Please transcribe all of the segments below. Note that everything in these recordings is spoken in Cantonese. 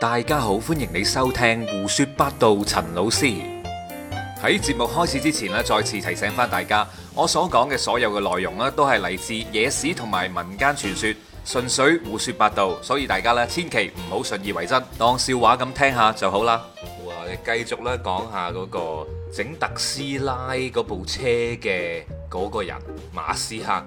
大家好，歡迎你收聽胡說八道。陳老師喺節目開始之前咧，再次提醒翻大家，我所講嘅所有嘅內容咧，都係嚟自野史同埋民間傳說，純粹胡說八道，所以大家咧千祈唔好信以為真，當笑話咁聽下就好啦。我哋繼續咧講下嗰個整特斯拉嗰部車嘅嗰個人馬斯克。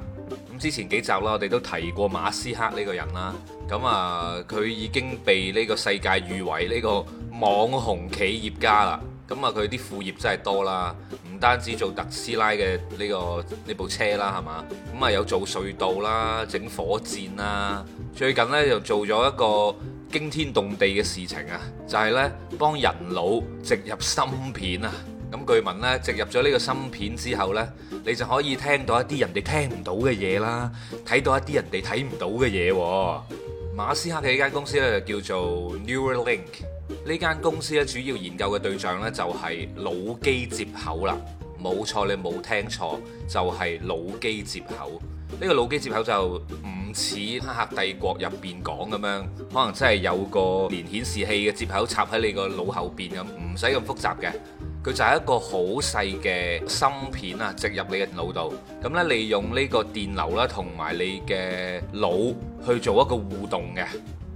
之前幾集啦，我哋都提過馬斯克呢個人啦。咁啊，佢已經被呢個世界譽為呢個網紅企業家啦。咁啊，佢啲副業真係多啦，唔單止做特斯拉嘅呢個呢部車啦，係嘛？咁啊，有做隧道啦，整火箭啦。最近呢，又做咗一個驚天動地嘅事情啊，就係呢，幫人腦植入芯片啊！咁據聞咧，植入咗呢個芯片之後呢，你就可以聽到一啲人哋聽唔到嘅嘢啦，睇到一啲人哋睇唔到嘅嘢啊。馬斯克嘅呢間公司呢，就叫做 Neuralink。呢間公司咧，主要研究嘅對象呢，就係腦機接口啦。冇錯，你冇聽錯，就係腦機接口。呢個腦機接口就唔似《黑客帝國》入邊講咁樣，可能真係有個連顯示器嘅接口插喺你個腦後邊咁，唔使咁複雜嘅。佢就係一個好細嘅芯片啊，植入你嘅腦度咁咧，利用呢個電流啦，同埋你嘅腦去做一個互動嘅。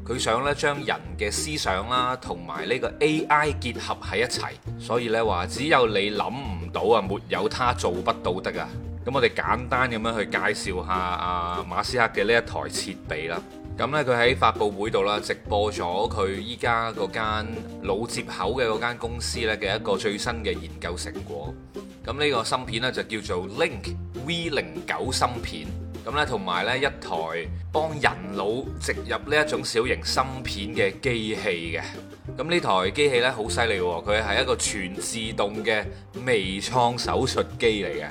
佢想咧將人嘅思想啦，同埋呢個 AI 結合喺一齊，所以咧話只有你諗唔到啊，沒有他做不到得啊。咁我哋簡單咁樣去介紹下阿馬斯克嘅呢一台設備啦。咁咧，佢喺發布會度啦，直播咗佢依家嗰間腦接口嘅嗰間公司咧嘅一個最新嘅研究成果。咁、這、呢個芯片咧就叫做 Link V 零九芯片。咁咧同埋咧一台幫人腦植入呢一種小型芯片嘅機器嘅。咁呢台機器咧好犀利喎，佢係一個全自動嘅微創手術機嚟嘅。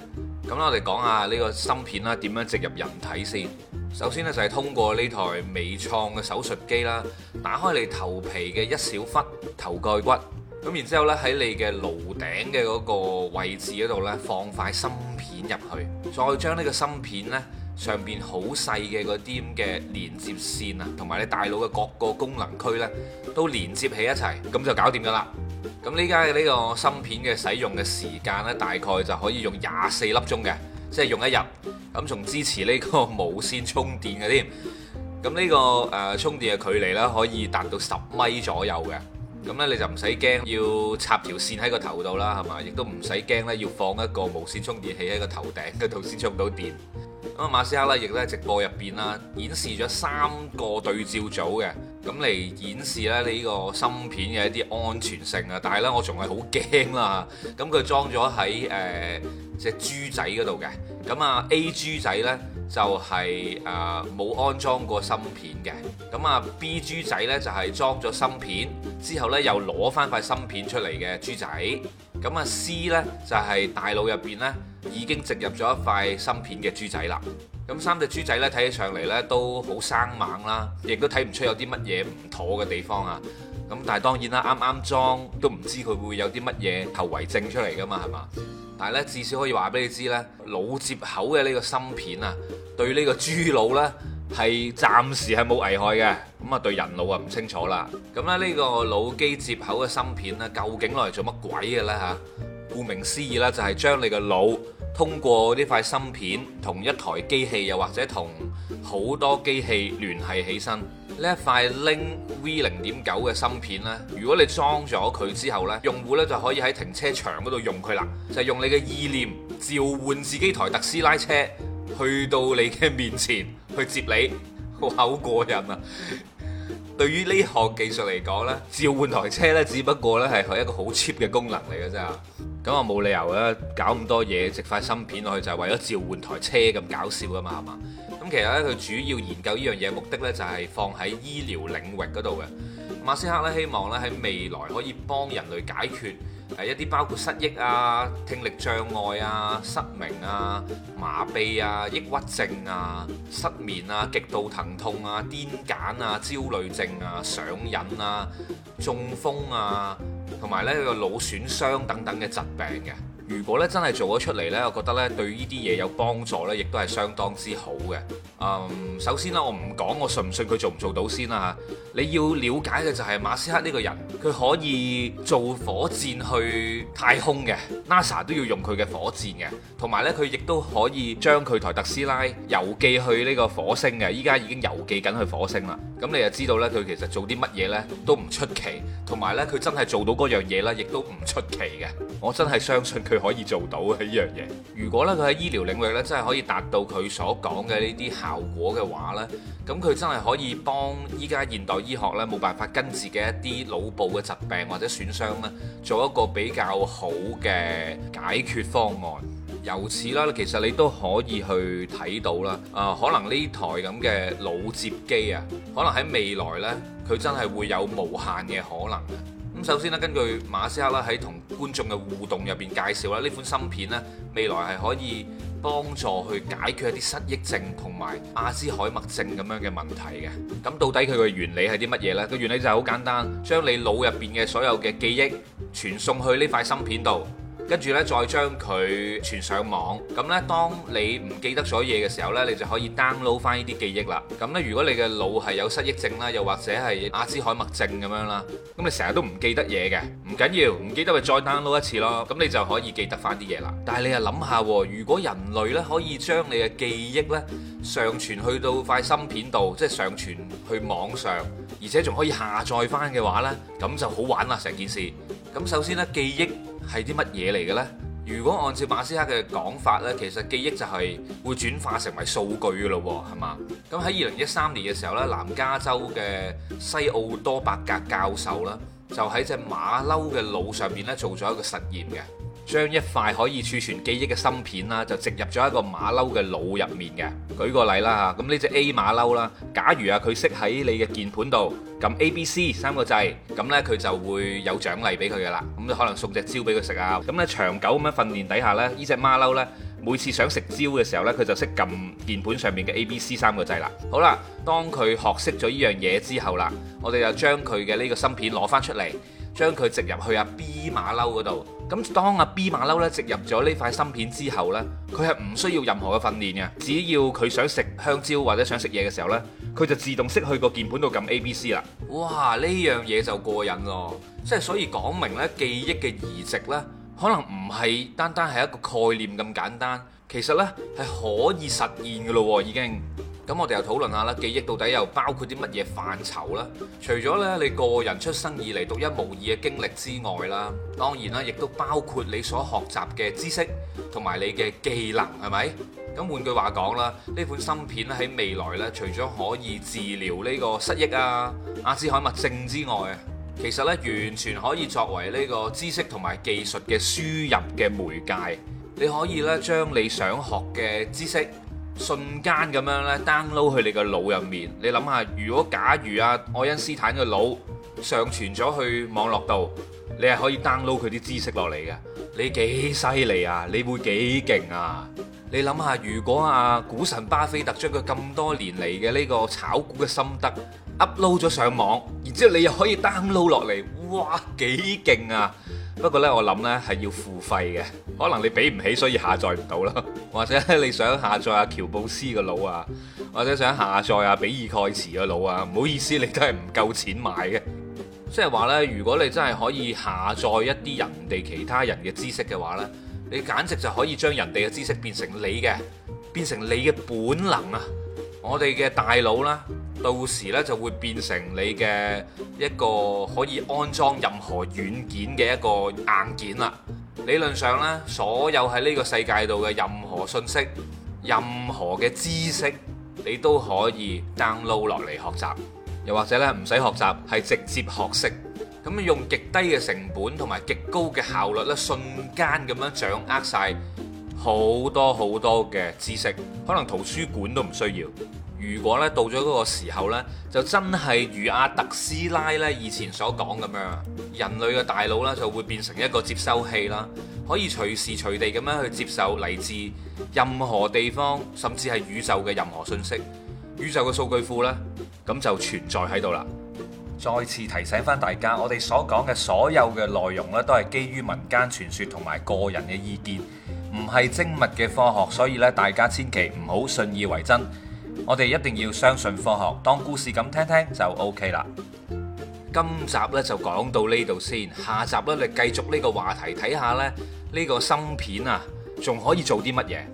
咁我哋講下呢個芯片啦，點樣植入人體先。首先咧就係通過呢台微創嘅手術機啦，打開你頭皮嘅一小忽頭蓋骨，咁然之後咧喺你嘅顱頂嘅嗰個位置嗰度咧放塊芯片入去，再將呢個芯片咧上邊好細嘅嗰啲咁嘅連接線啊，同埋你大腦嘅各個功能區咧都連接起一齊，咁就搞掂噶啦。咁呢家嘅呢個芯片嘅使用嘅時間咧，大概就可以用廿四粒鐘嘅。即係用一日，咁仲支持呢個無線充電嘅添，咁、這、呢個誒、呃、充電嘅距離咧可以達到十米左右嘅，咁呢，你就唔使驚要插條線喺個頭度啦，係嘛？亦都唔使驚呢，要放一個無線充電器喺個頭頂嘅頭先充唔到電。咁啊馬斯克呢，亦都喺直播入邊啦，演示咗三個對照組嘅，咁嚟演示咧呢個芯片嘅一啲安全性啊，但係呢，我仲係好驚啦，咁佢裝咗喺誒。隻豬仔嗰度嘅，咁啊 A 豬仔呢就係誒冇安裝過芯片嘅，咁啊 B 豬仔呢就係裝咗芯片之後呢又攞翻塊芯片出嚟嘅豬仔，咁啊 C 呢就係、是、大腦入邊呢已經植入咗一塊芯片嘅豬仔啦。咁三隻豬仔呢睇起上嚟呢都好生猛啦，亦都睇唔出有啲乜嘢唔妥嘅地方啊。咁但係當然啦，啱啱裝都唔知佢會有啲乜嘢後遺症出嚟噶嘛，係嘛？但係咧，至少可以話俾你知咧，腦接口嘅呢個芯片啊，對呢個豬腦咧係暫時係冇危害嘅，咁啊對人腦啊唔清楚啦。咁咧呢個腦機接口嘅芯片咧，究竟攞嚟做乜鬼嘅呢？嚇？顧名思義啦，就係將你嘅腦通過呢塊芯片同一台機器，又或者同好多機器聯繫起身。呢一塊 Link V 零點九嘅芯片咧，如果你裝咗佢之後呢，用戶呢就可以喺停車場嗰度用佢啦，就係、用你嘅意念召喚自己台特斯拉車去到你嘅面前去接你，好過癮啊！ 對於呢項技術嚟講呢，召喚台車呢只不過咧係佢一個好 cheap 嘅功能嚟嘅啫，咁啊冇理由啊搞咁多嘢，植塊芯片落去就係為咗召喚台車咁搞笑噶嘛，係嘛？其實咧，佢主要研究呢樣嘢目的呢，就係放喺醫療領域嗰度嘅。馬斯克咧希望咧喺未來可以幫人類解決誒一啲包括失憶啊、聽力障礙啊、失明啊、麻痹啊、抑鬱症啊、失眠啊、極度疼痛啊、癲癇啊、焦慮症啊、上癮啊、中風啊，同埋呢個腦損傷等等嘅疾病嘅。如果咧真係做咗出嚟咧，我覺得咧對呢啲嘢有幫助咧，亦都係相當之好嘅。嗯，首先啦，我唔講我信唔信佢做唔做到先啦。你要了解嘅就係馬斯克呢個人，佢可以做火箭去太空嘅，NASA 都要用佢嘅火箭嘅，同埋咧佢亦都可以將佢台特斯拉郵寄去呢個火星嘅。依家已經郵寄緊去火星啦。咁你就知道咧，佢其實做啲乜嘢咧都唔出奇，同埋咧佢真係做到嗰樣嘢咧，亦都唔出奇嘅。我真係相信佢。可以做到嘅呢樣嘢。如果咧佢喺醫療領域呢，真係可以達到佢所講嘅呢啲效果嘅話呢，咁佢真係可以幫依家現代醫學呢，冇辦法根治嘅一啲腦部嘅疾病或者損傷呢，做一個比較好嘅解決方案。由此啦，其實你都可以去睇到啦。啊，可能呢台咁嘅腦接機啊，可能喺未來呢，佢真係會有無限嘅可能。首先咧，根據馬斯克啦喺同觀眾嘅互動入邊介紹啦，呢款芯片咧，未來係可以幫助去解決一啲失憶症同埋阿茲海默症咁樣嘅問題嘅。咁到底佢嘅原理係啲乜嘢呢？佢原理就係好簡單，將你腦入邊嘅所有嘅記憶傳送去呢塊芯片度。跟住咧，再將佢傳上網。咁咧，當你唔記得咗嘢嘅時候咧，你就可以 download 翻呢啲記憶啦。咁咧，如果你嘅腦係有失憶症啦，又或者係阿茲海默症咁樣啦，咁你成日都唔記得嘢嘅，唔緊要，唔記得咪再 download 一次咯。咁你就可以記得翻啲嘢啦。但係你又諗下，如果人類咧可以將你嘅記憶咧上傳去到塊芯片度，即係上傳去網上，而且仲可以下載翻嘅話咧，咁就好玩啦，成件事。咁首先咧，記憶。係啲乜嘢嚟嘅咧？如果按照馬斯克嘅講法呢，其實記憶就係會轉化成為數據嘅咯喎，係嘛？咁喺二零一三年嘅時候呢，南加州嘅西奧多伯格教授呢，就喺隻馬騮嘅腦上面呢，做咗一個實驗嘅。將一塊可以儲存記憶嘅芯片啦，就植入咗一個馬騮嘅腦入面嘅。舉個例啦嚇，咁呢隻 A 馬騮啦，假如啊佢識喺你嘅鍵盤度撳 A、B、C 三個掣，咁呢，佢就會有獎勵俾佢噶啦。咁你可能送隻蕉俾佢食啊。咁咧，長久咁樣訓練底下呢，呢隻馬騮呢，每次想食蕉嘅時候呢，佢就識撳鍵盤上面嘅 A、B、C 三個掣啦。好啦，當佢學識咗呢樣嘢之後啦，我哋就將佢嘅呢個芯片攞翻出嚟。將佢植入去阿 B 馬騮嗰度，咁當阿 B 馬騮呢植入咗呢塊芯片之後呢，佢係唔需要任何嘅訓練嘅，只要佢想食香蕉或者想食嘢嘅時候呢，佢就自動識去個鍵盤度撳 A B C 啦。哇！呢樣嘢就過癮咯，即係所以講明呢，記憶嘅移植呢，可能唔係單單係一個概念咁簡單，其實呢係可以實現㗎咯喎，已經。咁我哋又討論下啦，記憶到底又包括啲乜嘢範疇啦？除咗咧你個人出生以嚟獨一無二嘅經歷之外啦，當然啦，亦都包括你所學習嘅知識同埋你嘅技能，係咪？咁換句話講啦，呢款芯片喺未來咧，除咗可以治療呢個失憶啊、阿茲海默症之外，其實呢完全可以作為呢個知識同埋技術嘅輸入嘅媒介。你可以呢將你想學嘅知識，瞬間咁樣咧 download 去你個腦入面，你諗下，如果假如啊愛因斯坦嘅腦上傳咗去網絡度，你係可以 download 佢啲知識落嚟嘅，你幾犀利啊？你會幾勁啊？你諗下，如果啊股神巴菲特將佢咁多年嚟嘅呢個炒股嘅心得 upload 咗上網，然之後你又可以 download 落嚟，哇幾勁啊！不過呢，我諗呢係要付費嘅，可能你畀唔起，所以下載唔到咯。 或者你想下載阿、啊、喬布斯個腦啊，或者想下載阿、啊、比爾蓋茨個腦啊，唔好意思，你都係唔夠錢買嘅。即係話呢，如果你真係可以下載一啲人哋其他人嘅知識嘅話呢，你簡直就可以將人哋嘅知識變成你嘅，變成你嘅本能啊！我哋嘅大腦啦～到時咧就會變成你嘅一個可以安裝任何軟件嘅一個硬件啦。理論上咧，所有喺呢個世界度嘅任何信息、任何嘅知識，你都可以 download 落嚟學習，又或者咧唔使學習，係直接學識。咁用極低嘅成本同埋極高嘅效率咧，瞬間咁樣掌握晒好多好多嘅知識，可能圖書館都唔需要。如果咧到咗嗰個時候呢就真係如阿特斯拉咧以前所講咁樣，人類嘅大腦咧就會變成一個接收器啦，可以隨時隨地咁樣去接受嚟自任何地方，甚至係宇宙嘅任何信息。宇宙嘅數據庫呢，咁就存在喺度啦。再次提醒返大家，我哋所講嘅所有嘅內容咧都係基於民間傳說同埋個人嘅意見，唔係精密嘅科學，所以咧大家千祈唔好信以為真。我哋一定要相信科學，當故事咁聽聽就 OK 啦。今集呢就講到呢度先，下集呢就繼續呢個話題，睇下呢，呢個芯片啊，仲可以做啲乜嘢？